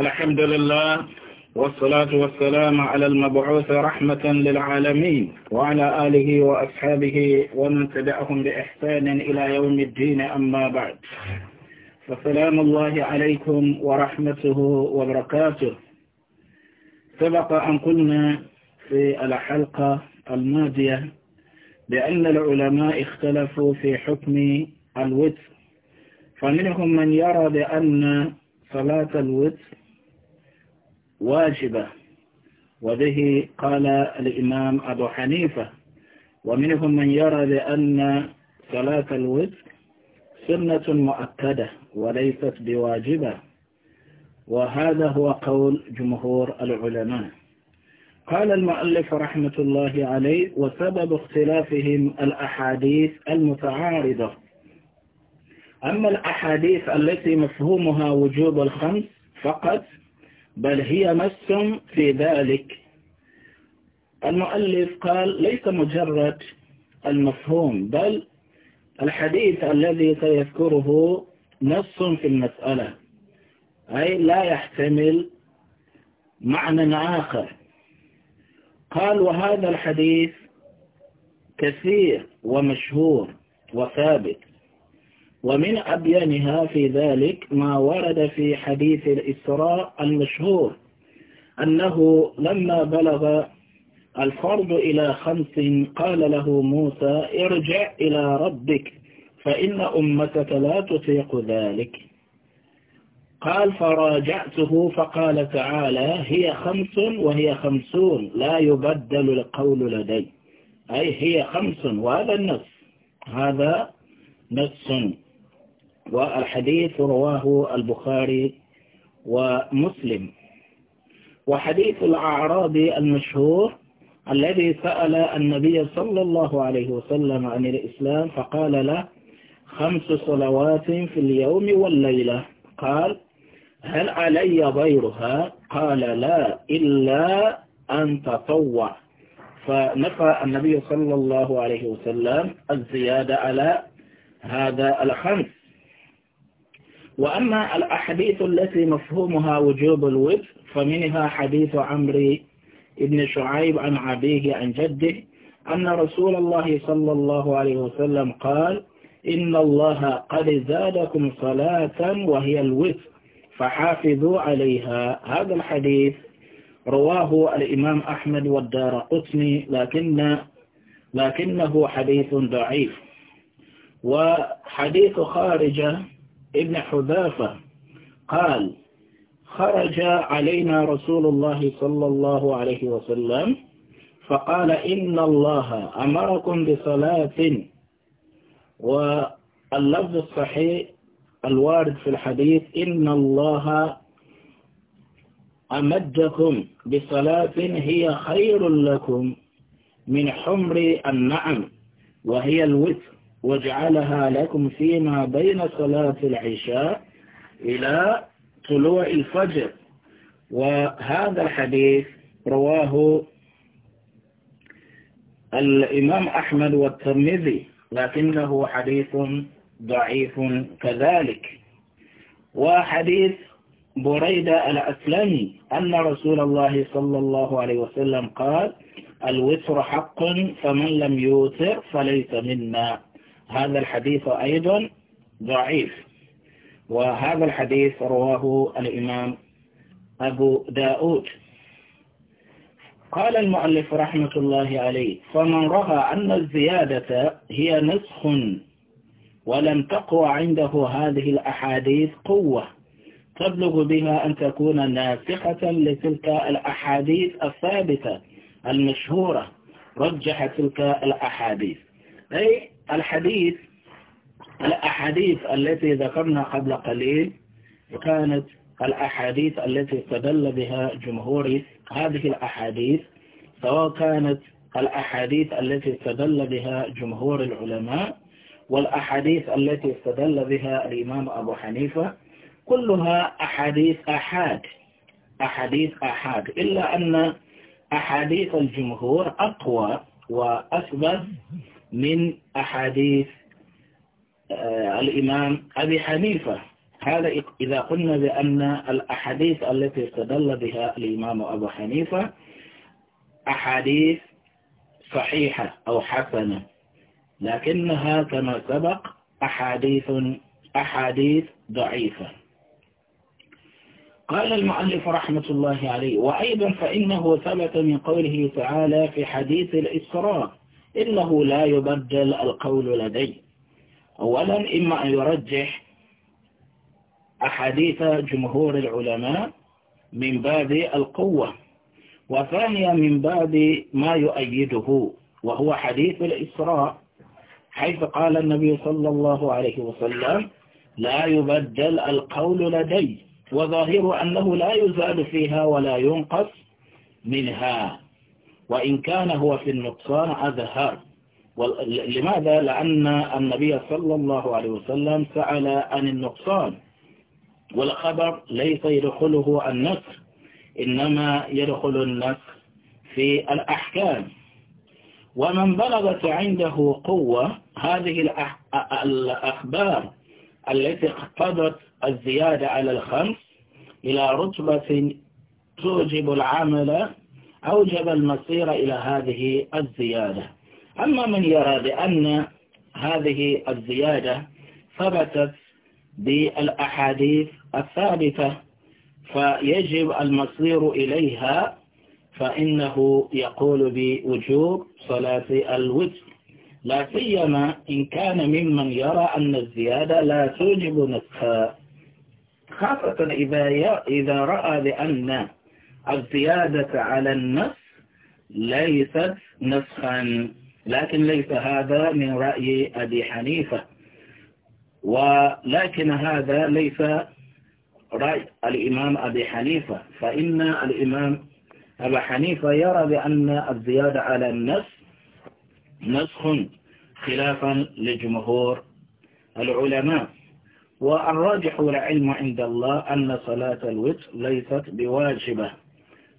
الحمد لله والصلاة والسلام على المبعوث رحمة للعالمين وعلى آله وأصحابه ومن تبعهم بإحسان إلى يوم الدين أما بعد فسلام الله عليكم ورحمته وبركاته سبق أن قلنا في الحلقة الماضية بأن العلماء اختلفوا في حكم الوتر فمنهم من يرى بأن صلاة الوتر واجبة وبه قال الإمام أبو حنيفة ومنهم من يرى بأن صلاة الوتر سنة مؤكدة وليست بواجبة وهذا هو قول جمهور العلماء قال المؤلف رحمة الله عليه وسبب اختلافهم الأحاديث المتعارضة أما الأحاديث التي مفهومها وجوب الخمس فقط بل هي مس في ذلك المؤلف قال ليس مجرد المفهوم بل الحديث الذي سيذكره نص في المسألة أي لا يحتمل معنى آخر قال وهذا الحديث كثير ومشهور وثابت ومن أبيانها في ذلك ما ورد في حديث الإسراء المشهور أنه لما بلغ الفرض إلى خمس قال له موسى ارجع إلى ربك فإن أمتك لا تطيق ذلك قال فراجعته فقال تعالى هي خمس وهي خمسون لا يبدل القول لدي أي هي خمس وهذا النص هذا نص والحديث رواه البخاري ومسلم وحديث الأعرابي المشهور الذي سأل النبي صلى الله عليه وسلم عن الإسلام فقال له خمس صلوات في اليوم والليلة قال هل علي غيرها قال لا إلا أن تطوع فنفى النبي صلى الله عليه وسلم الزيادة على هذا الخمس وأما الأحاديث التي مفهومها وجوب الوتر فمنها حديث عمرو بن شعيب عن عبيه عن جده أن رسول الله صلى الله عليه وسلم قال إن الله قد زادكم صلاة وهي الوتر فحافظوا عليها هذا الحديث رواه الإمام أحمد والدار قطني لكن لكنه حديث ضعيف وحديث خارجة ابن حذافة قال خرج علينا رسول الله صلى الله عليه وسلم فقال إن الله أمركم بصلاة واللفظ الصحيح الوارد في الحديث إن الله أمدكم بصلاة هي خير لكم من حمر النعم وهي الوتر وجعلها لكم فيما بين صلاة العشاء إلى طلوع الفجر وهذا الحديث رواه الإمام أحمد والترمذي لكنه حديث ضعيف كذلك وحديث بريدة الأسلمي أن رسول الله صلى الله عليه وسلم قال الوتر حق فمن لم يوتر فليس منا هذا الحديث أيضا ضعيف وهذا الحديث رواه الإمام أبو داود قال المؤلف رحمة الله عليه فمن رأى أن الزيادة هي نسخ ولم تقوى عنده هذه الأحاديث قوة تبلغ بها أن تكون ناسخة لتلك الأحاديث الثابتة المشهورة رجح تلك الأحاديث أي الحديث الأحاديث التي ذكرنا قبل قليل كانت الأحاديث التي استدل بها جمهور هذه الأحاديث سواء كانت الأحاديث التي استدل بها جمهور العلماء والأحاديث التي استدل بها الإمام أبو حنيفة كلها أحاديث أحاد أحاديث أحاد إلا أن أحاديث الجمهور أقوى وأثبت من أحاديث آه، الإمام أبي حنيفة هذا إذا قلنا بأن الأحاديث التي استدل بها الإمام أبو حنيفة أحاديث صحيحة أو حسنة لكنها كما سبق أحاديث أحاديث ضعيفة قال المؤلف رحمة الله عليه وأيضا فإنه ثبت من قوله تعالى في حديث الإسراء إنه لا يبدل القول لديه أولا إما أن يرجح أحاديث جمهور العلماء من باب القوة وثانيا من باب ما يؤيده وهو حديث الإسراء حيث قال النبي صلى الله عليه وسلم لا يبدل القول لدي وظاهر أنه لا يزال فيها ولا ينقص منها وإن كان هو في النقصان أذهاب لماذا؟ لأن النبي صلى الله عليه وسلم سأل عن النقصان والخبر ليس يدخله النسخ إنما يدخل النسخ في الأحكام ومن بلغت عنده قوة هذه الأخبار التي اقتضت الزيادة على الخمس إلى رتبة توجب العمل أوجب المصير إلى هذه الزيادة أما من يرى بأن هذه الزيادة ثبتت بالأحاديث الثابتة فيجب المصير إليها فإنه يقول بوجوب صلاة الوتر لا سيما إن كان ممن يرى أن الزيادة لا توجب نسخها خاصة إذا, إذا رأى بأن القيادة على النص ليست نسخا لكن ليس هذا من رأي أبي حنيفة ولكن هذا ليس رأي الإمام أبي حنيفة فإن الإمام أبا حنيفة يرى بأن الزيادة على النص نسخ خلافا لجمهور العلماء والراجح والعلم عند الله أن صلاة الوتر ليست بواجبة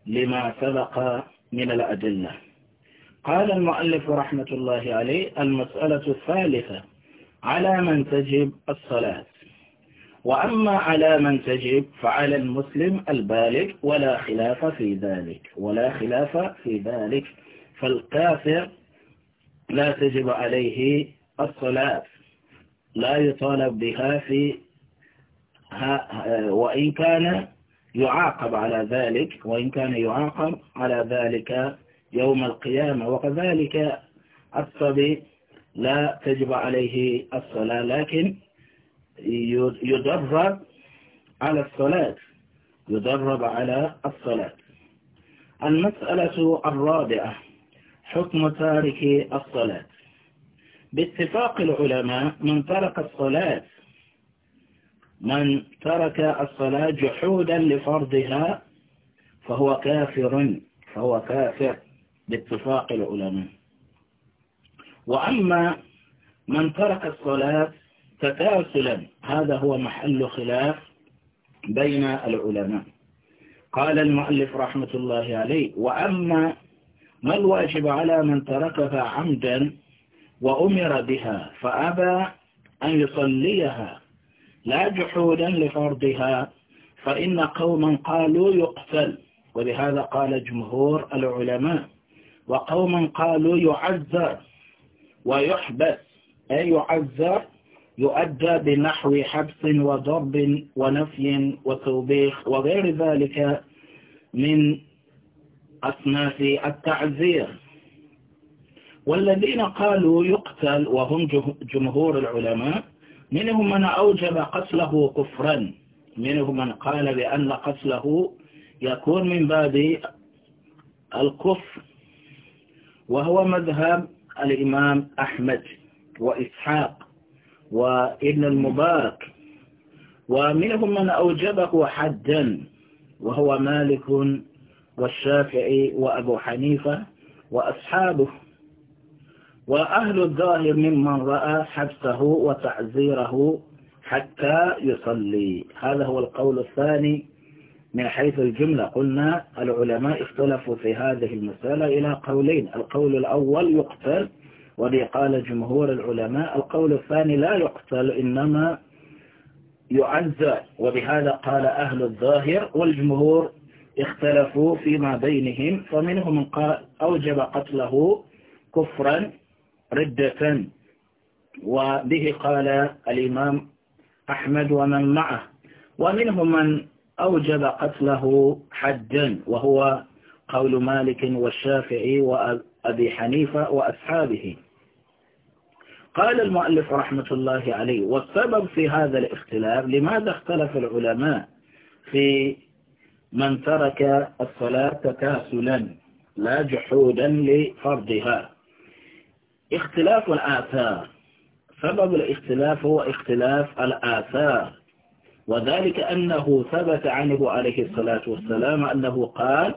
لما سبق من الأدلة قال المؤلف رحمة الله عليه المسألة الثالثة على من تجب الصلاة وأما على من تجب فعلى المسلم البالغ ولا خلاف في ذلك ولا خلاف في ذلك فالكافر لا تجب عليه الصلاة لا يطالب بها في وإن كان يعاقب على ذلك وإن كان يعاقب على ذلك يوم القيامة وكذلك الصبي لا تجب عليه الصلاة لكن يدرب على الصلاة يدرب على الصلاة المسألة الرابعة حكم تارك الصلاة باتفاق العلماء من ترك الصلاة من ترك الصلاة جحودا لفرضها فهو كافر فهو كافر باتفاق العلماء وأما من ترك الصلاة تكاسلا هذا هو محل خلاف بين العلماء قال المؤلف رحمة الله عليه وأما ما الواجب على من تركها عمدا وأمر بها فأبى أن يصليها لا جحودا لفرضها فإن قوما قالوا يقتل ولهذا قال جمهور العلماء وقوما قالوا يعذر ويحبس أي يعذر يؤدى بنحو حبس وضرب ونفي وتوبيخ وغير ذلك من أصناف التعذير والذين قالوا يقتل وهم جمهور العلماء منهم من أوجب قتله كفرا منهم من قال بأن قتله يكون من باب الكفر وهو مذهب الإمام أحمد وإسحاق وابن المبارك ومنهم من أوجبه حدا وهو مالك والشافعي وأبو حنيفة وأصحابه وأهل الظاهر ممن رأى حبسه وتعزيره حتى يصلي هذا هو القول الثاني من حيث الجملة قلنا العلماء اختلفوا في هذه المسألة إلى قولين القول الأول يقتل وبيقال قال جمهور العلماء القول الثاني لا يقتل إنما يعزى وبهذا قال أهل الظاهر والجمهور اختلفوا فيما بينهم فمنهم من قال أوجب قتله كفرا ردة وبه قال الإمام أحمد ومن معه ومنهم من أوجب قتله حدا وهو قول مالك والشافعي وأبي حنيفة وأصحابه قال المؤلف رحمة الله عليه والسبب في هذا الاختلاف لماذا اختلف العلماء في من ترك الصلاة تكاسلا لا جحودا لفرضها اختلاف الآثار سبب الاختلاف هو اختلاف الآثار وذلك أنه ثبت عنه عليه الصلاة والسلام أنه قال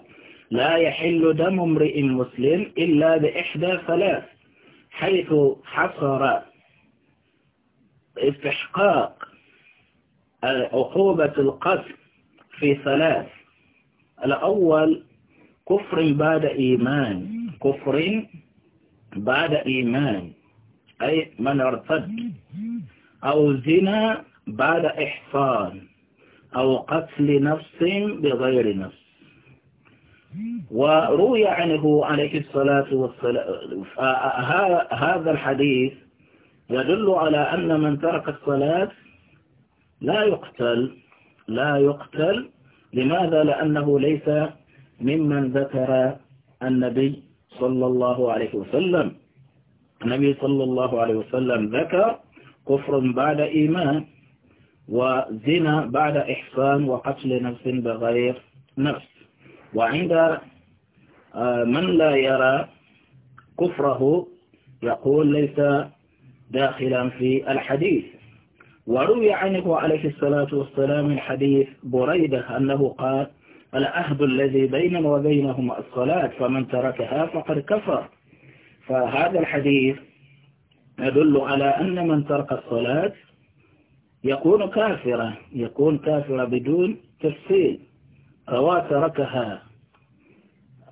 لا يحل دم امرئ مسلم إلا بإحدى ثلاث حيث حصر استحقاق عقوبة القتل في ثلاث الأول كفر بعد إيمان كفر بعد إيمان أي من ارتد أو زنا بعد إحصان أو قتل نفس بغير نفس وروي عنه عليه الصلاة والسلام هذا الحديث يدل على أن من ترك الصلاة لا يقتل لا يقتل لماذا لأنه ليس ممن ذكر النبي صلى الله عليه وسلم النبي صلى الله عليه وسلم ذكر كفر بعد إيمان وزنا بعد إحسان وقتل نفس بغير نفس وعند من لا يرى كفره يقول ليس داخلا في الحديث وروي عنه عليه الصلاة والسلام الحديث بريدة أنه قال العهد الذي بيننا وبينهم الصلاة فمن تركها فقد كفر فهذا الحديث يدل على أن من ترك الصلاة يكون كافرا يكون كافرا بدون تفصيل أو تركها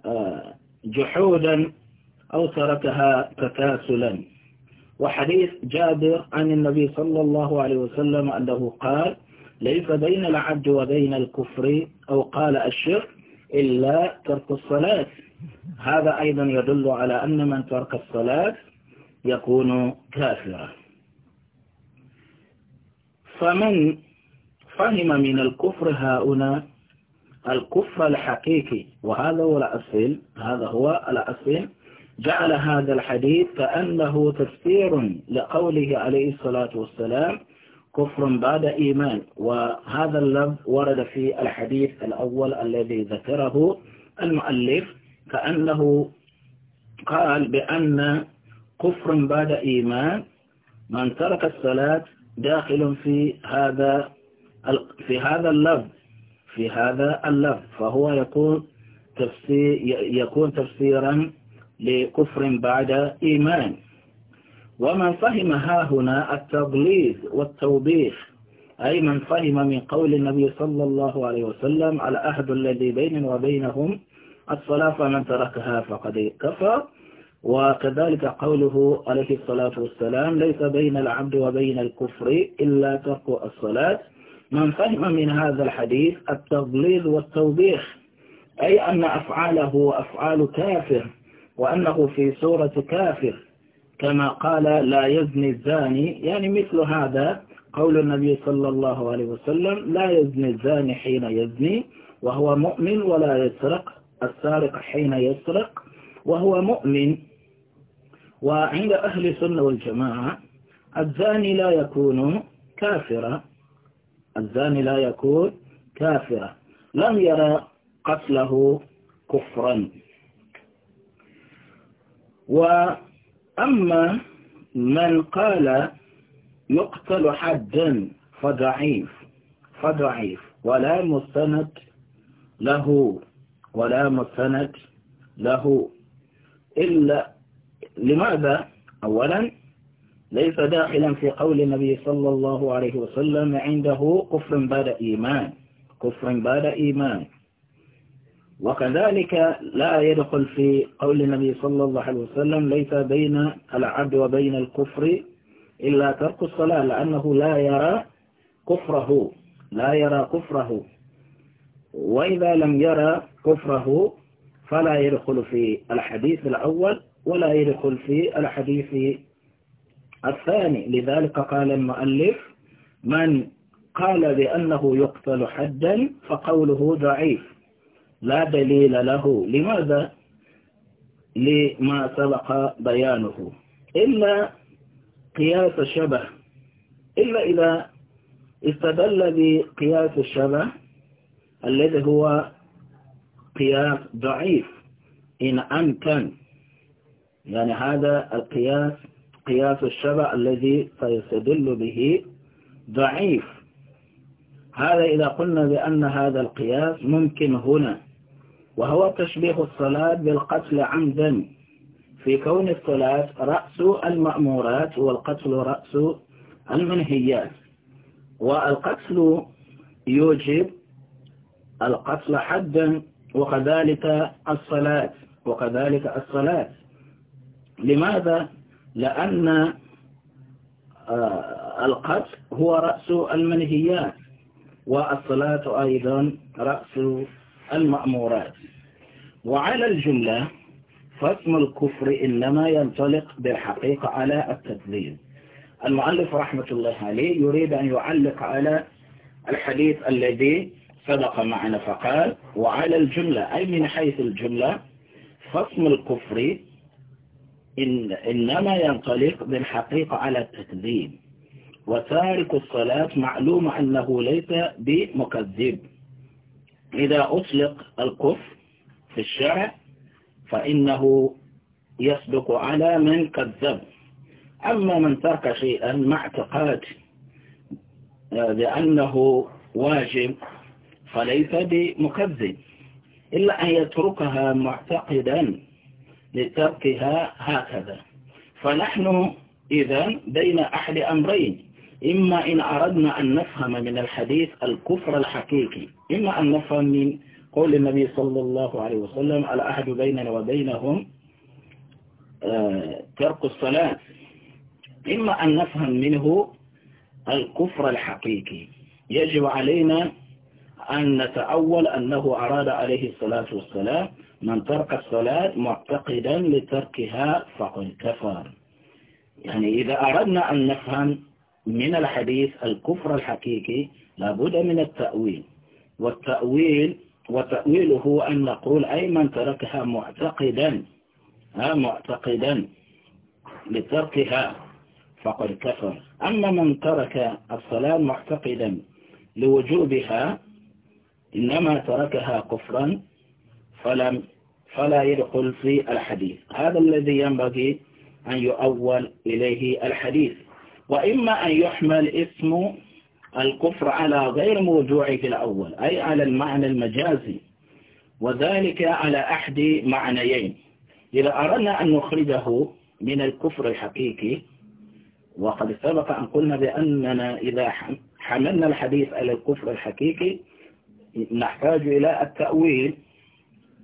آه، جحودا أو تركها تكاسلا وحديث جابر عن النبي صلى الله عليه وسلم أنه قال ليس بين العبد وبين الكفر أو قال الشرك إلا ترك الصلاة هذا أيضا يدل على أن من ترك الصلاة يكون كافرا فمن فهم من الكفر هؤلاء الكفر الحقيقي وهذا هو الأصل هذا هو الأصل جعل هذا الحديث كأنه تفسير لقوله عليه الصلاة والسلام كفر بعد إيمان وهذا اللفظ ورد في الحديث الأول الذي ذكره المؤلف كأنه قال بأن كفر بعد إيمان من ترك الصلاة داخل في هذا في هذا اللفظ في هذا اللفظ فهو يكون تفسير يكون تفسيرا لكفر بعد إيمان ومن فهم ها هنا التضليل والتوبيخ أي من فهم من قول النبي صلى الله عليه وسلم على أحد الذي بين وبينهم الصلاة فمن تركها فقد كفر وكذلك قوله عليه الصلاة والسلام ليس بين العبد وبين الكفر إلا ترك الصلاة من فهم من هذا الحديث التضليل والتوبيخ أي أن أفعاله أفعال كافر وأنه في سورة كافر كما قال لا يزني الزاني يعني مثل هذا قول النبي صلى الله عليه وسلم لا يزني الزاني حين يزني وهو مؤمن ولا يسرق السارق حين يسرق وهو مؤمن وعند أهل السنة والجماعة الزاني لا يكون كافرا الزاني لا يكون كافرا لم يرى قتله كفرا وعند أما من قال يقتل حدا فضعيف فضعيف ولا مستند له ولا مستند له إلا لماذا أولا ليس داخلا في قول النبي صلى الله عليه وسلم عنده كفر بعد إيمان كفر بعد إيمان وكذلك لا يدخل في قول النبي صلى الله عليه وسلم ليس بين العبد وبين الكفر إلا ترك الصلاة لأنه لا يرى كفره لا يرى كفره وإذا لم يرى كفره فلا يدخل في الحديث الأول ولا يدخل في الحديث الثاني لذلك قال المؤلف من قال بأنه يقتل حدا فقوله ضعيف لا دليل له لماذا لما سبق بيانه إلا قياس الشبه إلا إذا استدل بقياس الشبه الذي هو قياس ضعيف إن أمكن يعني هذا القياس قياس الشبه الذي سيستدل به ضعيف هذا إذا قلنا بأن هذا القياس ممكن هنا وهو تشبيه الصلاة بالقتل عمدا في كون الصلاة رأس المأمورات والقتل رأس المنهيات والقتل يوجب القتل حدا وكذلك الصلاة وكذلك الصلاة لماذا؟ لأن آه، القتل هو رأس المنهيات والصلاة أيضا رأس المأمورات وعلى الجملة فاسم الكفر إنما ينطلق بالحقيقة على التكذيب المؤلف رحمة الله عليه يريد أن يعلق على الحديث الذي صدق معنا فقال وعلى الجملة أي من حيث الجملة فاسم الكفر إن إنما ينطلق بالحقيقة على التكذيب وتارك الصلاة معلوم أنه ليس بمكذب إذا أطلق الكفر في الشرع فإنه يصدق على من كذب أما من ترك شيئا مع اعتقاد آه، بأنه واجب فليس بمكذب إلا أن يتركها معتقدا لتركها هكذا فنحن إذا بين أحد أمرين إما إن أردنا أن نفهم من الحديث الكفر الحقيقي إما أن نفهم من قول النبي صلى الله عليه وسلم على أحد بيننا وبينهم آه، ترك الصلاة إما أن نفهم منه الكفر الحقيقي يجب علينا أن نتأول أنه أراد عليه الصلاة والسلام من ترك الصلاة معتقدا لتركها فقد كفر يعني إذا أردنا أن نفهم من الحديث الكفر الحقيقي لابد من التأويل والتأويل وتأويله أن نقول أي من تركها معتقدا ها معتقدا لتركها فقد كفر أما من ترك الصلاة معتقدا لوجوبها إنما تركها كفرا فلم فلا يدخل في الحديث هذا الذي ينبغي أن يؤول إليه الحديث وإما أن يحمل اسم الكفر على غير في الأول أي على المعنى المجازي وذلك على أحد معنيين إذا أردنا أن نخرجه من الكفر الحقيقي وقد سبق أن قلنا بأننا إذا حملنا الحديث على الكفر الحقيقي نحتاج إلى التأويل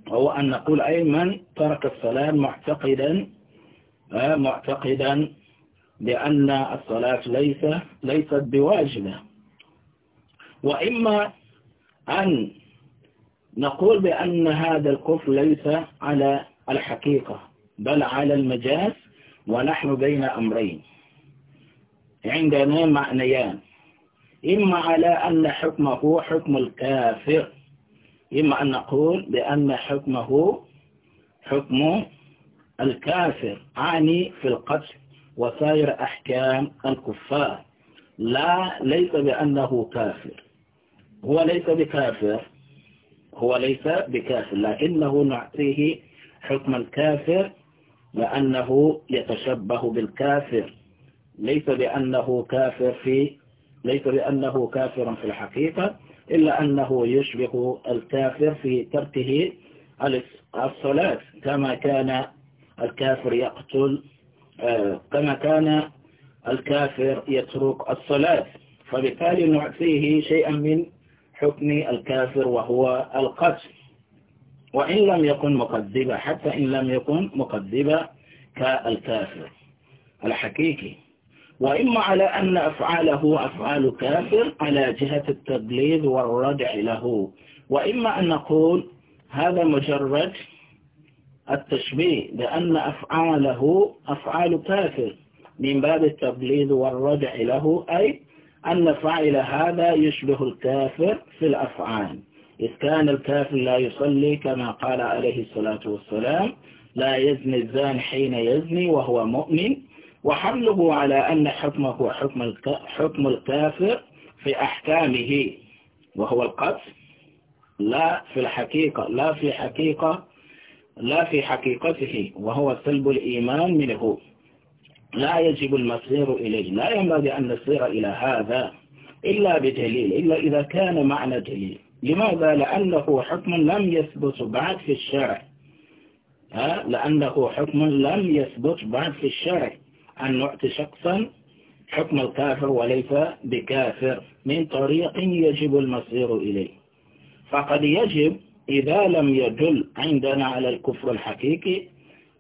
هو أن نقول أي من ترك الصلاة معتقدا آه، معتقدا بأن الصلاة ليس ليست بواجبة وإما أن نقول بأن هذا الكفر ليس على الحقيقة بل على المجاز ونحن بين أمرين عندنا معنيان إما على أن حكمه حكم الكافر إما أن نقول بأن حكمه حكم الكافر عني في القتل وسائر أحكام الكفار لا ليس بأنه كافر هو ليس بكافر هو ليس بكافر لكنه نعطيه حكم الكافر لأنه يتشبه بالكافر ليس لأنه كافر في ليس لأنه كافر في الحقيقة إلا أنه يشبه الكافر في تركه الصلاة كما كان الكافر يقتل آه، كما كان الكافر يترك الصلاة فبالتالي نعطيه شيئا من حكم الكافر وهو القتل وإن لم يكن مقذبة حتى إن لم يكن مقذبة كالكافر الحقيقي وإما على أن أفعاله أفعال كافر على جهة التقليد والردع له وإما أن نقول هذا مجرد التشبيه بأن أفعاله أفعال كافر من باب التبليد والردع له أي أن فاعل هذا يشبه الكافر في الأفعال إذ كان الكافر لا يصلي كما قال عليه الصلاة والسلام لا يزني الزان حين يزني وهو مؤمن وحمله على أن حكمه حكم حكم الكافر في أحكامه وهو القتل لا في الحقيقة لا في حقيقة لا في حقيقته وهو سلب الإيمان منه لا يجب المصير إليه لا ينبغي أن نصير إلى هذا إلا بدليل إلا إذا كان معنى دليل لماذا؟ لأنه حكم لم يثبت بعد في الشرع ها؟ لأنه حكم لم يثبت بعد في الشرع أن نعطي شخصا حكم الكافر وليس بكافر من طريق يجب المصير إليه فقد يجب إذا لم يدل عندنا على الكفر الحقيقي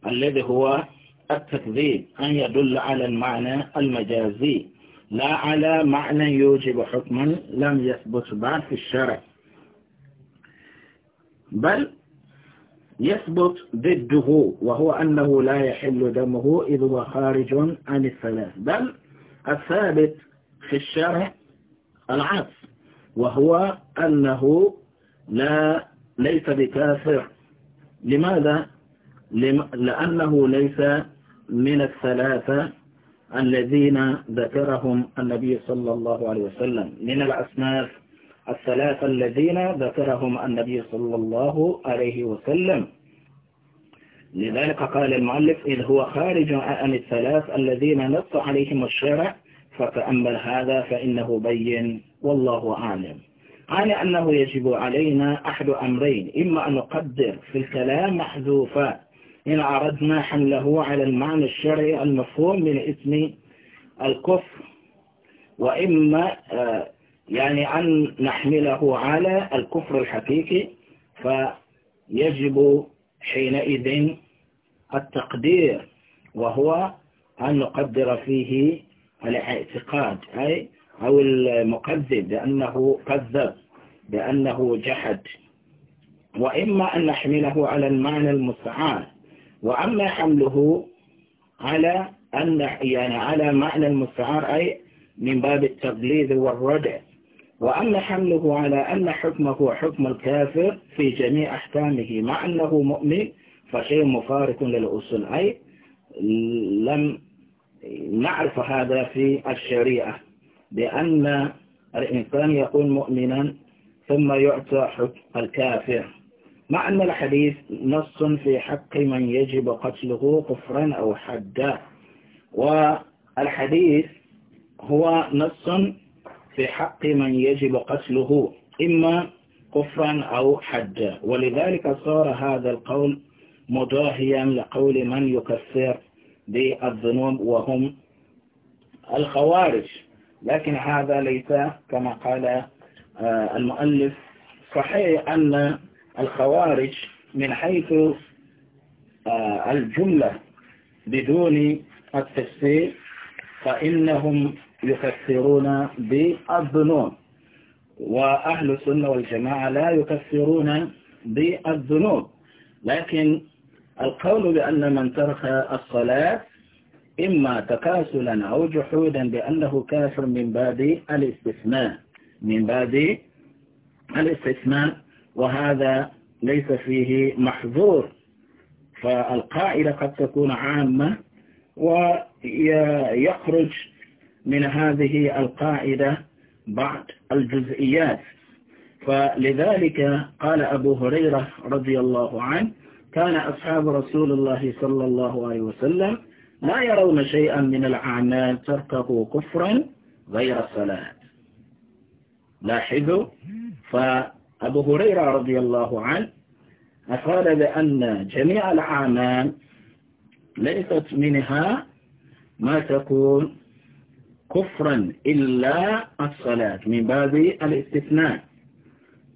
الذي هو التكذيب أن يدل على المعنى المجازي لا على معنى يوجب حكما لم يثبت بعد في الشرع بل يثبت ضده وهو أنه لا يحل دمه إذ هو خارج عن الثلاث بل الثابت في الشرع العكس وهو أنه لا ليس بكافر لماذا؟ لأنه ليس من الثلاثة الذين ذكرهم النبي صلى الله عليه وسلم من الأصناف الثلاثة الذين ذكرهم النبي صلى الله عليه وسلم لذلك قال المؤلف إذ هو خارج عن الثلاث الذين نص عليهم الشرع فتأمل هذا فإنه بين والله أعلم يعني أنه يجب علينا أحد أمرين إما أن نقدر في الكلام محذوفات إن عرضنا حمله على المعنى الشرعي المفهوم من اسم الكفر وإما آه، يعني أن نحمله على الكفر الحقيقي فيجب حينئذ التقدير وهو أن نقدر فيه الاعتقاد أي أو المكذب بأنه كذب بأنه جحد وإما أن نحمله على المعنى المستعان وأما حمله على أن يعني على معنى المستعار أي من باب التقليد والردع وأما حمله على أن حكمه حكم الكافر في جميع أحكامه مع أنه مؤمن فشيء مفارق للأصول أي لم نعرف هذا في الشريعة بأن الإنسان يكون مؤمنا ثم يعطى حكم الكافر مع أن الحديث نص في حق من يجب قتله كفرا أو حدا والحديث هو نص في حق من يجب قتله إما كفرا أو حدا ولذلك صار هذا القول مضاهيا لقول من يكفر بالذنوب وهم الخوارج لكن هذا ليس كما قال آه، المؤلف صحيح أن الخوارج من حيث آه، الجملة بدون التفسير فإنهم يكثرون بالذنوب وأهل السنة والجماعة لا يكثرون بالذنوب لكن القول بأن من ترك الصلاة إما تكاسلا أو جحودا بأنه كافر من باب الاستثناء من باب الاستثناء وهذا ليس فيه محظور فالقاعدة قد تكون عامة ويخرج من هذه القاعدة بعض الجزئيات فلذلك قال أبو هريرة رضي الله عنه كان أصحاب رسول الله صلى الله عليه وسلم لا يرون شيئا من الأعمال تركه كفرا غير صلاة لاحظوا فالقاعدة أبو هريرة رضي الله عنه أقال بأن جميع الأعمال ليست منها ما تكون كفرا إلا الصلاة من باب الاستثناء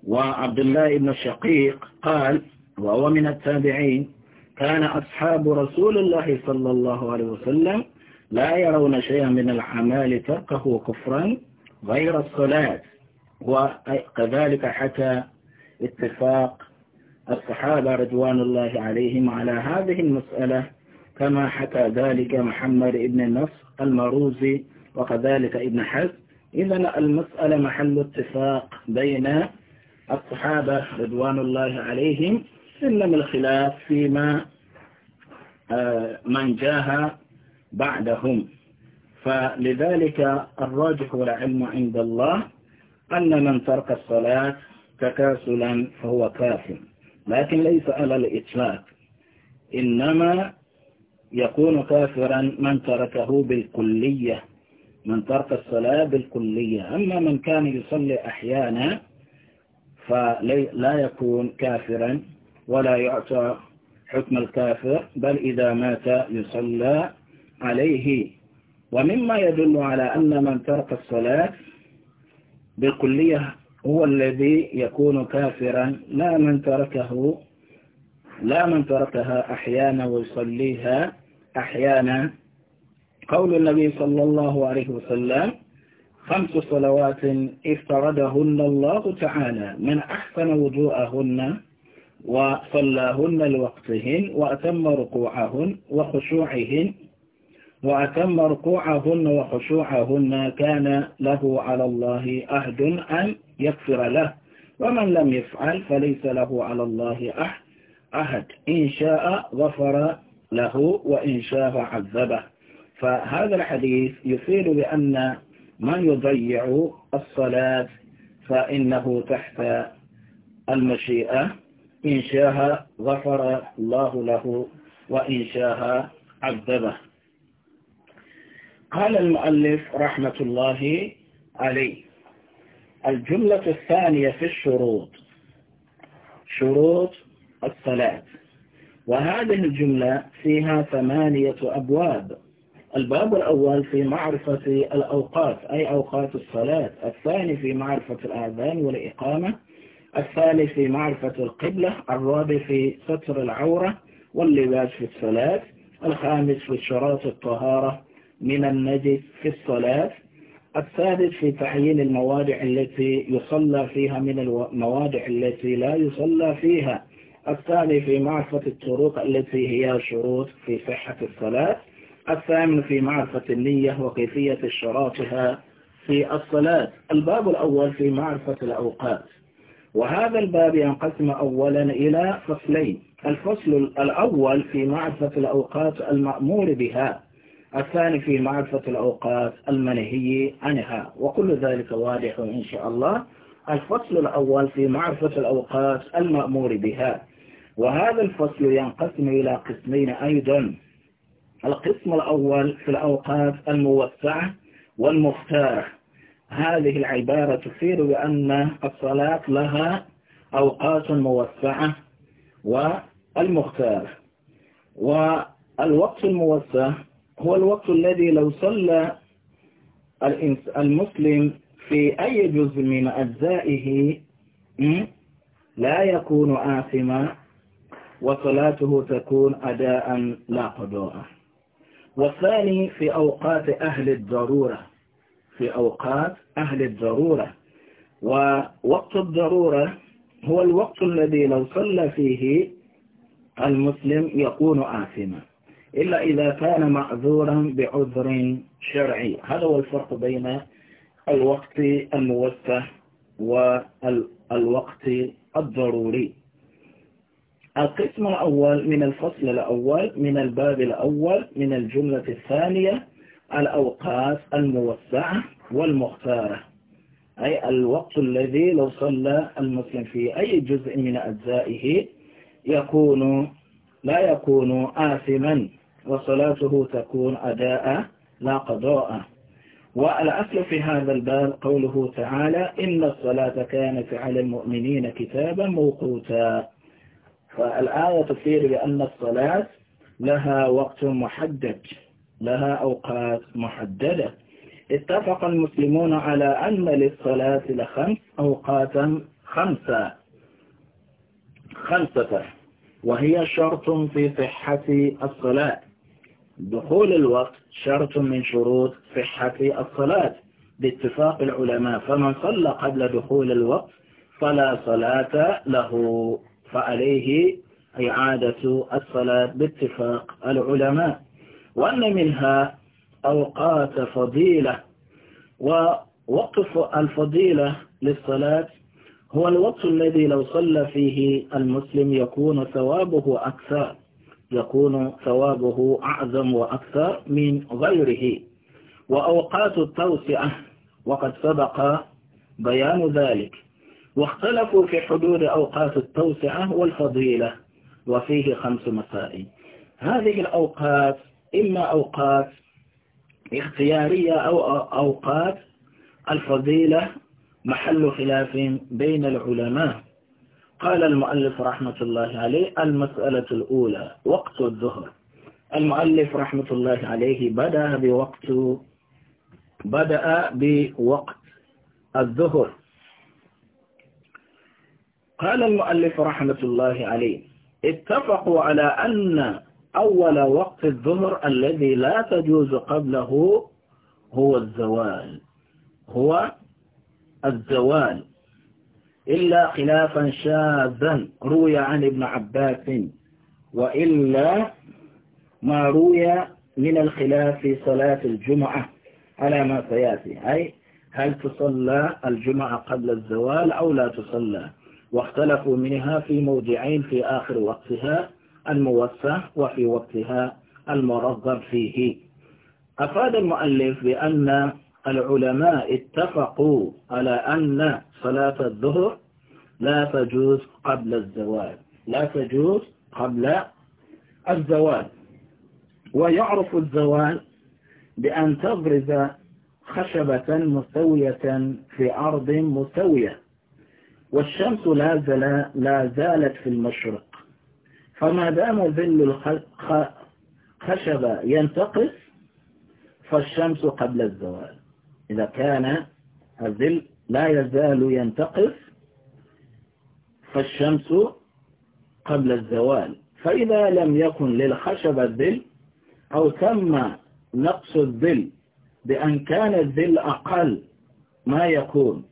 وعبد الله بن الشقيق قال وهو من التابعين كان أصحاب رسول الله صلى الله عليه وسلم لا يرون شيئا من الأعمال تركه كفرا غير الصلاة وكذلك حكى اتفاق الصحابة رضوان الله عليهم على هذه المسألة كما حكى ذلك محمد ابن النصر المروزي وكذلك ابن حزم إذا المسألة محل اتفاق بين الصحابة رضوان الله عليهم إنما الخلاف فيما آه، من جاه بعدهم فلذلك الراجح والعلم عند الله أن من ترك الصلاة تكاسلا فهو كافر لكن ليس على الإطلاق إنما يكون كافرا من تركه بالكلية من ترك الصلاة بالكلية أما من كان يصلي أحيانا فلا يكون كافرا ولا يعطى حكم الكافر بل إذا مات يصلى عليه ومما يدل على أن من ترك الصلاة بالكلية هو الذي يكون كافرا لا من تركه لا من تركها أحيانا ويصليها أحيانا قول النبي صلى الله عليه وسلم خمس صلوات افترضهن الله تعالى من أحسن وجوءهن وصلاهن لوقتهن وأتم ركوعهن وخشوعهن وأتم ركوعهن وخشوعهن كان له على الله أهد أن يغفر له ومن لم يفعل فليس له على الله أهد إن شاء غفر له وإن شاء عذبه فهذا الحديث يفيد بأن من يضيع الصلاة فإنه تحت المشيئة إن شاء غفر الله له وإن شاء عذبه قال المؤلف رحمة الله عليه الجملة الثانية في الشروط شروط الصلاة وهذه الجملة فيها ثمانية أبواب الباب الأول في معرفة الأوقات أي أوقات الصلاة الثاني في معرفة الآذان والإقامة الثالث في معرفة القبلة الرابع في ستر العورة واللباس في الصلاة الخامس في شراط الطهارة من النجس في الصلاة الثالث في تعيين المواضع التي يصلى فيها من المواضع التي لا يصلى فيها الثاني في معرفة الطرق التي هي شروط في صحة الصلاة الثامن في معرفة النية وكيفية شراطها في الصلاة الباب الأول في معرفة الأوقات وهذا الباب ينقسم أولا إلى فصلين الفصل الأول في معرفة الأوقات المأمور بها الثاني في معرفة الأوقات المنهي عنها وكل ذلك واضح إن شاء الله الفصل الأول في معرفة الأوقات المأمور بها وهذا الفصل ينقسم إلى قسمين أيضا القسم الأول في الأوقات الموسعة والمختارة هذه العبارة تفير بأن الصلاة لها أوقات موسعة والمختارة والوقت الموسع هو الوقت الذي لو صلى المسلم في أي جزء من أجزائه لا يكون آثما وصلاته تكون أداء لا قضاء والثاني في أوقات أهل الضرورة في أوقات أهل الضرورة ووقت الضرورة هو الوقت الذي لو صلى فيه المسلم يكون آثما إلا إذا كان معذورا بعذر شرعي هذا هو الفرق بين الوقت الموسع والوقت الضروري القسم الأول من الفصل الأول من الباب الأول من الجملة الثانية الأوقات الموسعة والمختارة أي الوقت الذي لو صلى المسلم في أي جزء من أجزائه يكون لا يكون آثما وصلاته تكون أداء لا قضاء والأصل في هذا الباب قوله تعالى إن الصلاة كانت على المؤمنين كتابا موقوتا فالآية تفير بأن الصلاة لها وقت محدد لها أوقات محددة اتفق المسلمون على أن للصلاة لخمس أوقات خمسة خمسة وهي شرط في صحة الصلاة دخول الوقت شرط من شروط صحة الصلاة باتفاق العلماء فمن صلى قبل دخول الوقت فلا صلاة له فعليه إعادة الصلاة باتفاق العلماء وأن منها أوقات فضيلة ووقف الفضيلة للصلاة هو الوقت الذي لو صلى فيه المسلم يكون ثوابه أكثر يكون ثوابه أعظم وأكثر من غيره وأوقات التوسعة وقد سبق بيان ذلك واختلفوا في حدود أوقات التوسعة والفضيلة وفيه خمس مسائل هذه الأوقات إما أوقات اختيارية أو أوقات الفضيلة محل خلاف بين العلماء قال المؤلف رحمة الله عليه المسألة الأولى وقت الظهر المؤلف رحمة الله عليه بدأ بوقت بدأ بوقت الظهر قال المؤلف رحمة الله عليه اتفقوا على أن أول وقت الظهر الذي لا تجوز قبله هو الزوال هو الزوال إلا خلافا شاذا روي عن ابن عباس وإلا ما روي من الخلاف في صلاة الجمعة على ما سيأتي أي هل تصلى الجمعة قبل الزوال أو لا تصلى واختلفوا منها في موضعين في آخر وقتها الموسى وفي وقتها المرغب فيه أفاد المؤلف بأن العلماء اتفقوا على أن صلاة الظهر لا تجوز قبل الزوال لا تجوز قبل الزوال ويعرف الزوال بأن تبرز خشبة مستوية في أرض مستوية والشمس لا, زل لا زالت في المشرق فما دام ظل الخشبة ينتقص فالشمس قبل الزوال إذا كان الظل لا يزال ينتقص فالشمس قبل الزوال فإذا لم يكن للخشبة الظل أو تم نقص الظل بأن كان الظل أقل ما يكون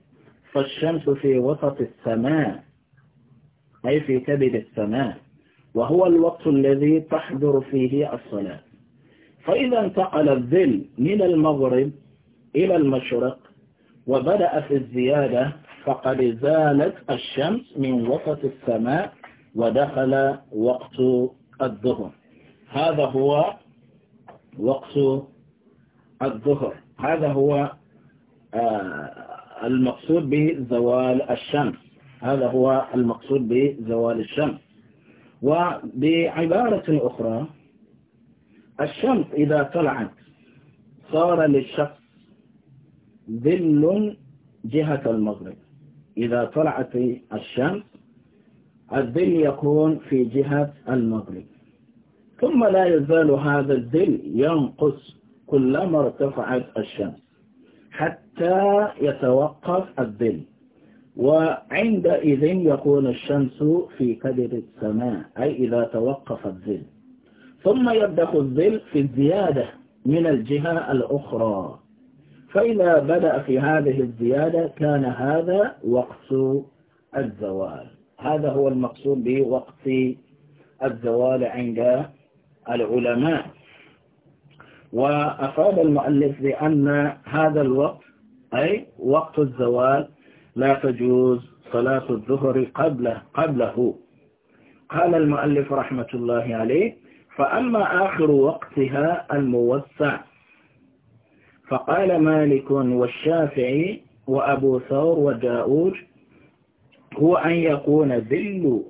فالشمس في وسط السماء أي في كبد السماء وهو الوقت الذي تحضر فيه الصلاة فإذا انتقل الظل من المغرب إلى المشرق وبدأ في الزيادة فقد زالت الشمس من وسط السماء ودخل وقت الظهر هذا هو وقت الظهر هذا هو آه، المقصود بزوال الشمس هذا هو المقصود بزوال الشمس وبعبارة أخرى الشمس إذا طلعت صار للشخص ظل جهة المغرب إذا طلعت الشمس الظل يكون في جهة المغرب ثم لا يزال هذا الظل ينقص كلما ارتفعت الشمس حتى يتوقف الظل وعندئذ يكون الشمس في كبد السماء أي إذا توقف الظل ثم يبدأ الظل في الزيادة من الجهة الأخرى فإذا بدأ في هذه الزيادة كان هذا وقت الزوال هذا هو المقصود بوقت الزوال عند العلماء وأفاد المؤلف بأن هذا الوقت أي وقت الزوال لا تجوز صلاة الظهر قبله, قبله قال المؤلف رحمة الله عليه فأما آخر وقتها الموسع فقال مالك والشافعي وأبو ثور وداود هو أن يكون ذل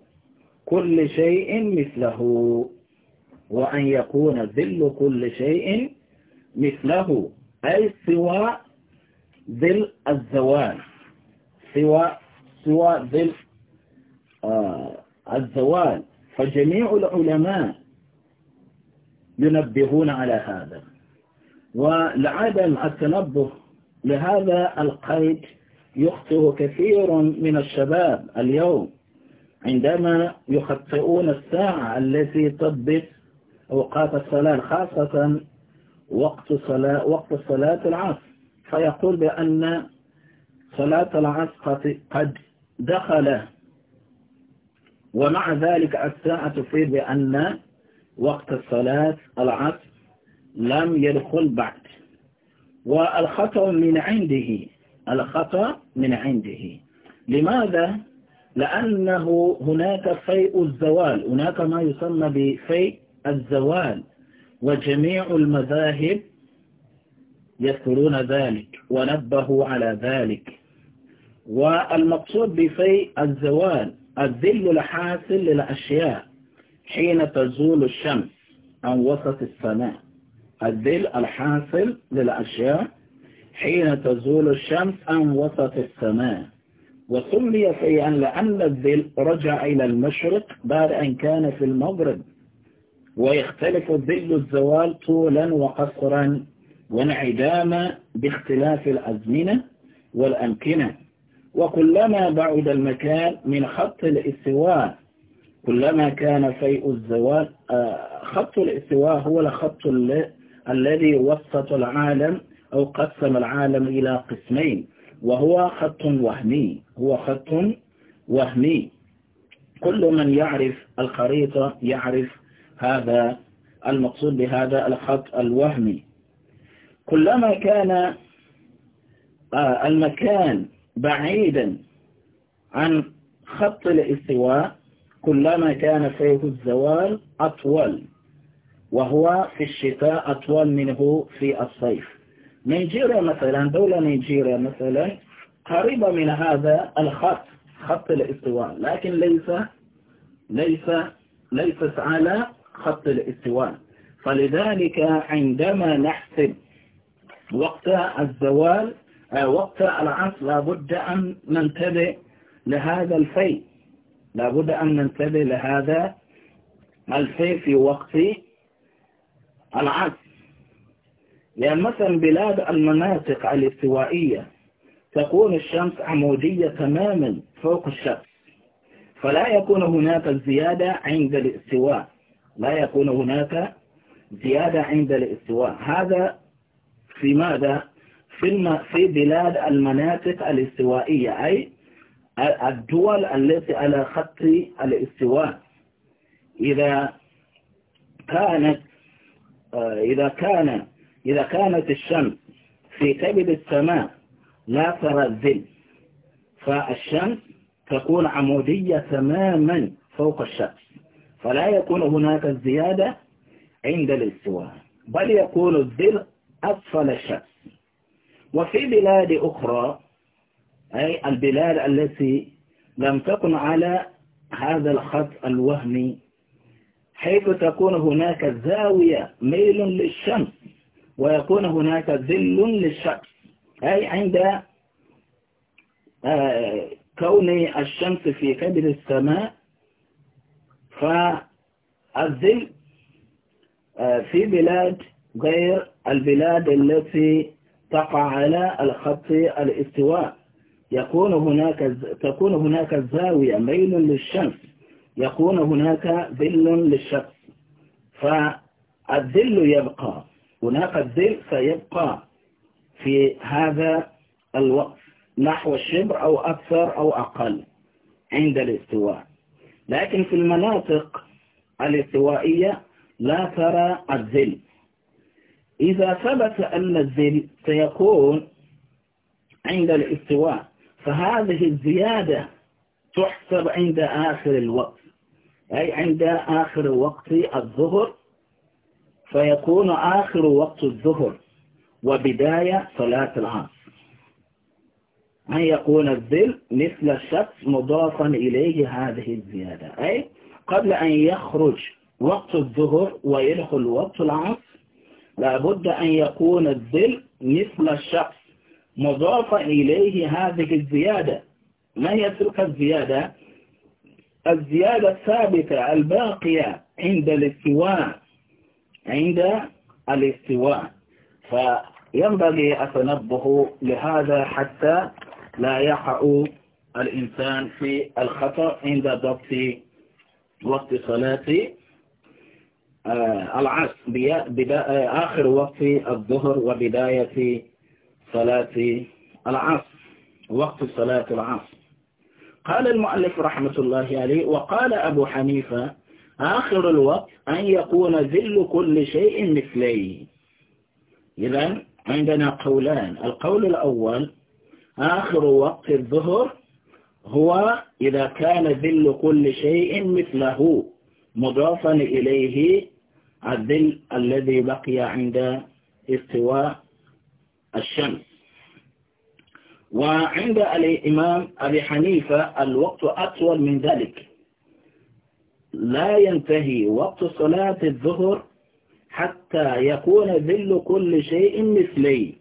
كل شيء مثله وأن يكون ذل كل شيء مثله أي سوى ذل الزوال سوى سوى ذل آه الزوال فجميع العلماء ينبهون على هذا ولعدم التنبه لهذا القيد يخطئ كثير من الشباب اليوم عندما يخطئون الساعة التي تضبط أوقات الصلاة خاصة وقت صلاة وقت صلاة العصر فيقول بأن صلاة العصر قد دخل ومع ذلك الساعة تفيد بأن وقت الصلاة العصر لم يدخل بعد والخطأ من عنده الخطأ من عنده لماذا؟ لأنه هناك فيء الزوال هناك ما يسمى بفيء الزوال وجميع المذاهب يذكرون ذلك ونبهوا على ذلك والمقصود بفيء الزوال الذل الحاصل للأشياء حين تزول الشمس عن وسط السماء الدل الحاصل للأشياء حين تزول الشمس عن وسط السماء وسمي شيئا لأن الذل رجع إلى المشرق بعد أن كان في المغرب ويختلف الدل الزوال طولا وقصرا وانعداما باختلاف الأزمنة والأمكنة وكلما بعد المكان من خط الاستواء كلما كان شيء الزوال آه، خط الاستواء هو الخط الذي وسط العالم أو قسم العالم إلى قسمين وهو خط وهمي هو خط وهمي كل من يعرف الخريطة يعرف هذا المقصود بهذا الخط الوهمي كلما كان آه، المكان بعيدا عن خط الاستواء كلما كان فيه الزوال أطول وهو في الشتاء أطول منه في الصيف نيجيريا مثلا دولة نيجيريا مثلا قريبة من هذا الخط خط الاستواء لكن ليس ليس ليست على خط الاستواء فلذلك عندما نحسب وقت الزوال آه، وقت العصر لابد أن ننتبه لهذا الفي لابد أن ننتبه لهذا الفي في وقت العكس يعني مثلا بلاد المناطق الاستوائية تكون الشمس عمودية تماما فوق الشمس فلا يكون هناك زيادة عند الاستواء لا يكون هناك زيادة عند الاستواء هذا في ماذا؟ في, في بلاد المناطق الاستوائية أي الدول التي على خط الاستواء إذا كانت آه، إذا كان إذا كانت الشمس في كبد السماء لا ترى الذل فالشمس تكون عمودية تماما فوق الشمس فلا يكون هناك الزيادة عند الاستواء بل يكون الذل أسفل الشمس وفي بلاد أخرى أي البلاد التي لم تكن على هذا الخط الوهمي حيث تكون هناك زاوية ميل للشمس ويكون هناك ذل للشمس أي عند آه، كون الشمس في كبر السماء فالذل آه، في بلاد غير البلاد التي تقع على الخط الاستواء يكون هناك تكون هناك زاوية ميل للشمس يكون هناك ذل للشخص فالذل يبقى هناك الذل سيبقى في هذا الوقت نحو الشبر أو أكثر أو أقل عند الاستواء لكن في المناطق الاستوائية لا ترى الذل إذا ثبت أن الذل سيكون عند الاستواء فهذه الزيادة تحسب عند آخر الوقت أي عند آخر وقت الظهر فيكون آخر وقت الظهر وبداية صلاة العصر أن يكون الذل مثل الشخص مضافا إليه هذه الزيادة أي قبل أن يخرج وقت الظهر ويدخل وقت العصر لابد أن يكون الذل مثل الشخص مضافا إليه هذه الزيادة ما هي تلك الزيادة؟ الزيادة الثابتة الباقية عند الاستواء عند الاستواء فينبغي التنبه لهذا حتى لا يقع الإنسان في الخطأ عند ضبط وقت صلاة آه، العصر آه، آخر وقت الظهر وبداية صلاة العصر وقت صلاة العصر قال المؤلف رحمة الله عليه وقال أبو حنيفة آخر الوقت أن يكون ذل كل شيء مثلي إذا عندنا قولان القول الأول آخر وقت الظهر هو إذا كان ذل كل شيء مثله مضافا إليه الذل الذي بقي عند استواء الشمس وعند الإمام أبي حنيفة الوقت أطول من ذلك لا ينتهي وقت صلاة الظهر حتى يكون ذل كل شيء مثلي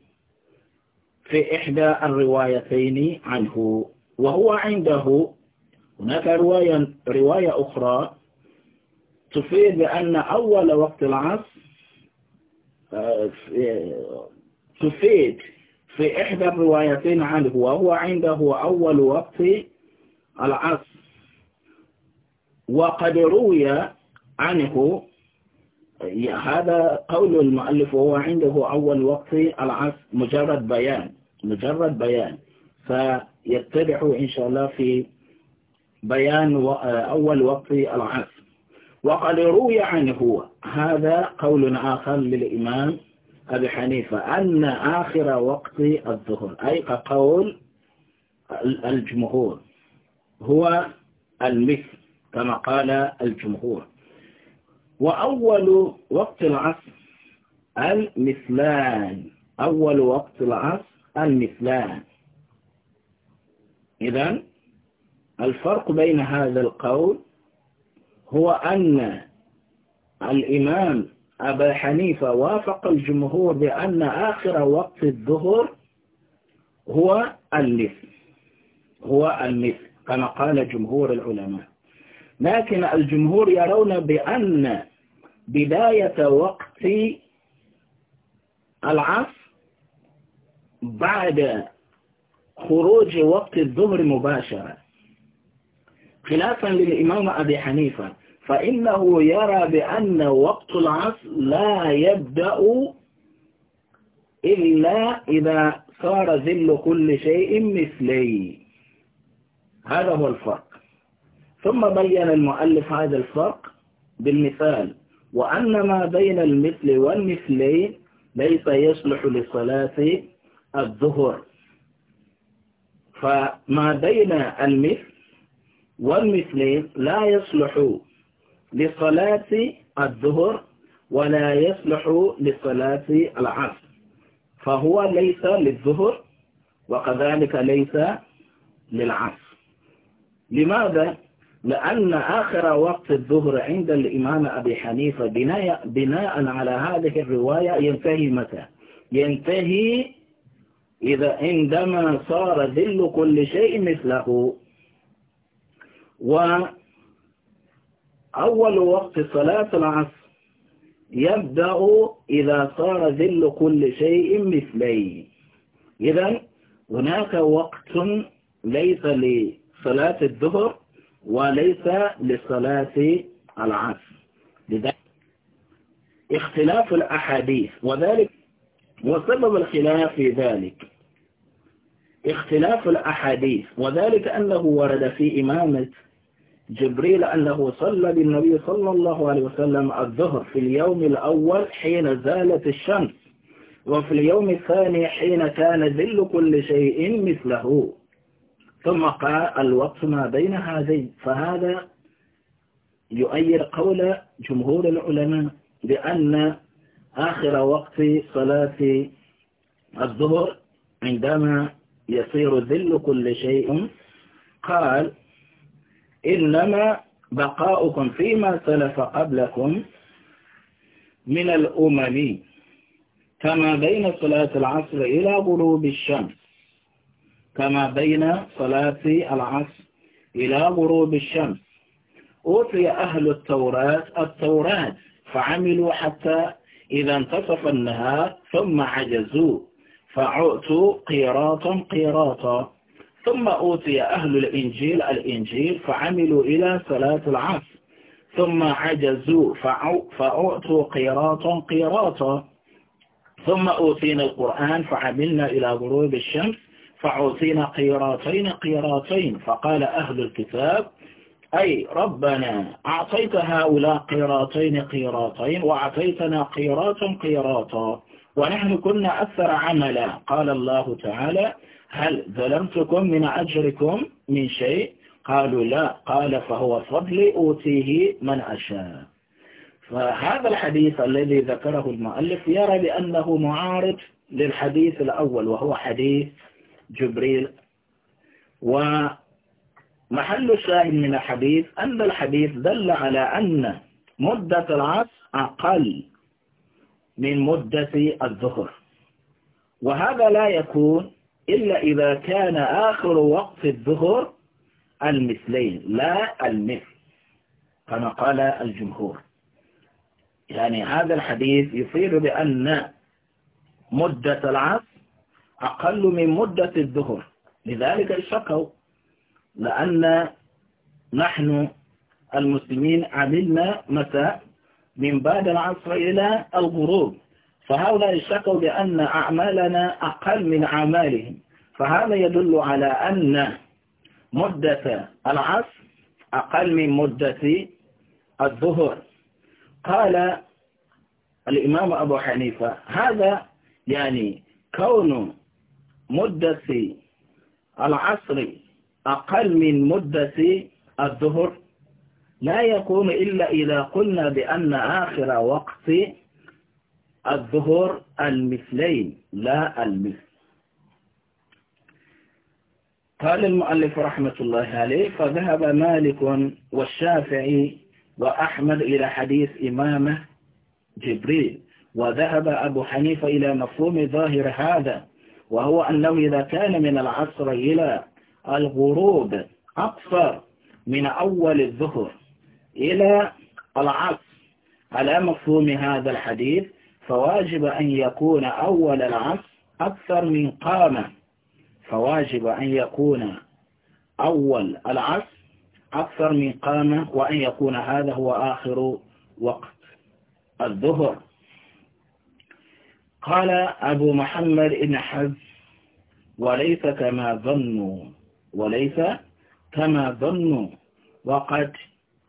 في إحدى الروايتين عنه وهو عنده هناك رواية, رواية أخرى تفيد بأن أول وقت العصر آه، تفيد في إحدى الروايتين عنه وهو عنده أول وقت العصر وقد روي عنه هذا قول المؤلف وهو عنده أول وقت العصر مجرد بيان مجرد بيان فيتبع إن شاء الله في بيان أول وقت العصر وقد روي عنه هذا قول آخر للإمام أبي حنيفة أن آخر وقت الظهر أي قول الجمهور هو المثل كما قال الجمهور وأول وقت العصر المثلان أول وقت العصر المثلان إذا الفرق بين هذا القول هو أن الإمام أبا حنيفة وافق الجمهور بأن آخر وقت الظهر هو المثل هو المثل كما قال جمهور العلماء لكن الجمهور يرون بأن بداية وقت العصر بعد خروج وقت الظهر مباشرة خلافا للإمام أبي حنيفة فإنه يرى بأن وقت العصر لا يبدأ إلا إذا صار ذل كل شيء مثلي هذا هو الفرق ثم بين المؤلف هذا الفرق بالمثال وأن ما بين المثل والمثلين ليس يصلح لصلاة الظهر فما بين المثل والمثلين لا يصلح لصلاة الظهر ولا يصلح لصلاة العصر فهو ليس للظهر وكذلك ليس للعصر لماذا؟ لأن آخر وقت الظهر عند الإمام أبي حنيفة بناء, بناء على هذه الرواية ينتهي متى؟ ينتهي إذا عندما صار ذل كل شيء مثله وعندما أول وقت صلاة العصر يبدأ إذا صار ذل كل شيء مثلي إذا هناك وقت ليس لصلاة الظهر وليس لصلاة العصر لذلك اختلاف الأحاديث وذلك وسبب الخلاف في ذلك اختلاف الأحاديث وذلك أنه ورد في إمامة جبريل أنه صلى بالنبي صلى الله عليه وسلم الظهر في اليوم الأول حين زالت الشمس وفي اليوم الثاني حين كان ذل كل شيء مثله ثم قال الوقت ما بين هذين فهذا يؤير قول جمهور العلماء بأن آخر وقت صلاة الظهر عندما يصير ذل كل شيء قال إنما بقاؤكم فيما سلف قبلكم من الأمم كما بين صلاة العصر إلى غروب الشمس كما بين صلاة العصر إلى غروب الشمس أوتي أهل التوراة التوراة فعملوا حتى إذا انتصف النهار ثم عجزوا فعؤتوا قيراطا قيراطا ثم أوتي أهل الإنجيل الإنجيل فعملوا إلى صلاة العصر ثم عجزوا فأعطوا قيراطا قيراطا ثم أوتينا القرآن فعملنا إلى غروب الشمس فأوتينا قيراطين قيراطين فقال أهل الكتاب أي ربنا أعطيت هؤلاء قيراطين قيراطين وأعطيتنا قيراطا قيراطا ونحن كنا أكثر عملا قال الله تعالى هل ظلمتكم من أجركم من شيء قالوا لا قال فهو فضلي أوتيه من أشاء فهذا الحديث الذي ذكره المؤلف يرى بأنه معارض للحديث الأول وهو حديث جبريل ومحل الشاهد من الحديث أن الحديث دل على أن مدة العصر أقل من مدة الظهر وهذا لا يكون إلا إذا كان آخر وقت الظهر المثلين لا المثل كما قال الجمهور يعني هذا الحديث يصير بأن مدة العصر أقل من مدة الظهر لذلك شكوا لأن نحن المسلمين عملنا مساء من بعد العصر إلى الغروب فهؤلاء اشتكوا بأن أعمالنا أقل من أعمالهم فهذا يدل على أن مدة العصر أقل من مدة الظهر قال الإمام أبو حنيفة هذا يعني كون مدة العصر أقل من مدة الظهر لا يكون إلا إذا قلنا بأن آخر وقت الظهور المثلين لا المثل قال المؤلف رحمة الله عليه فذهب مالك والشافعي وأحمد إلى حديث إمامه جبريل وذهب أبو حنيفة إلى مفهوم ظاهر هذا وهو أنه إذا كان من العصر إلى الغروب أكثر من أول الظهر إلى العصر على مفهوم هذا الحديث فواجب أن يكون أول العصر أكثر من قامة فواجب أن يكون أول العصر أكثر من قامة وأن يكون هذا هو آخر وقت الظهر قال أبو محمد إن حز وليس كما ظنوا وليس كما ظنوا وقد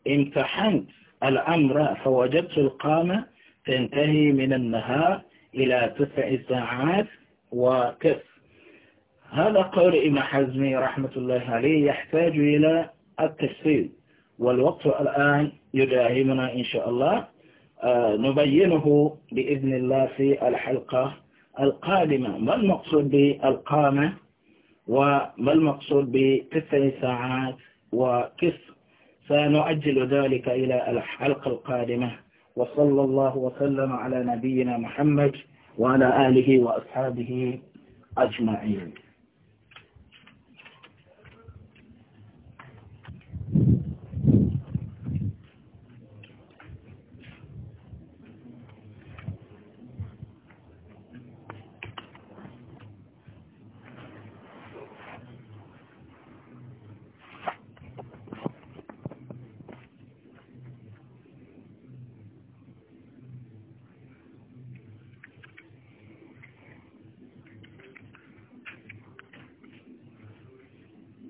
امتحنت الأمر فوجدت القامة تنتهي من النهار إلى تسع ساعات وكف هذا قول إما حزمي رحمة الله عليه يحتاج إلى التفصيل والوقت الآن يداهمنا إن شاء الله آه، نبينه بإذن الله في الحلقة القادمة ما المقصود بالقامة وما المقصود بتسع ساعات وكسر سنؤجل ذلك إلى الحلقة القادمة وصلى الله وسلم على نبينا محمد وعلى آله وأصحابه أجمعين